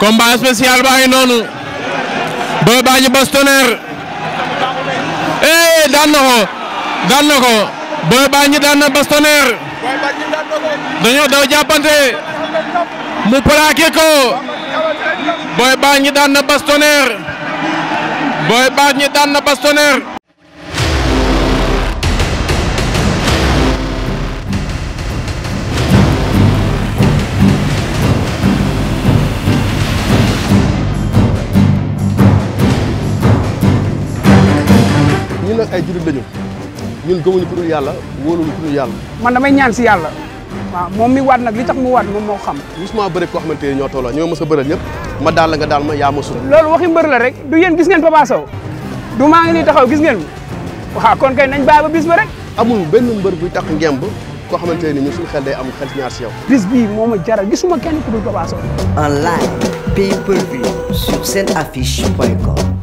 combat spécial baa ngi noonu Boy Badji Basse Tonnerre eh daan na ko daan na ko Boy daan na Basse dañoo daw jàppante mu plaqué ko Boy Badji daan na Basse Tonnerre Boy Badji daan na Basse nag ay jullit lañu ñun gëmuñu ku dul yàlla wóoluñu ku si yàlla. waaw moom mi waat nag li tax mu waat moom moo xam. gisuma bëri koo ñoo tolloo ñoo mës a bëral ñëpp ma daal la nga daal ma yaa ma sut. loolu waxi mbër la rek du yéen gis ngeen Papa du maa ngi nii taxaw gis ngeen waaw kon kay nañ bàyyi ba bis ba rek. amul benn bu buy tax ngemb koo xamante ne ñun suñu xel day am xel ci ñaar si yow. bis bii moo a jaral gisuma kenn ku dul Papa Sow. per view sur seen affiche point com.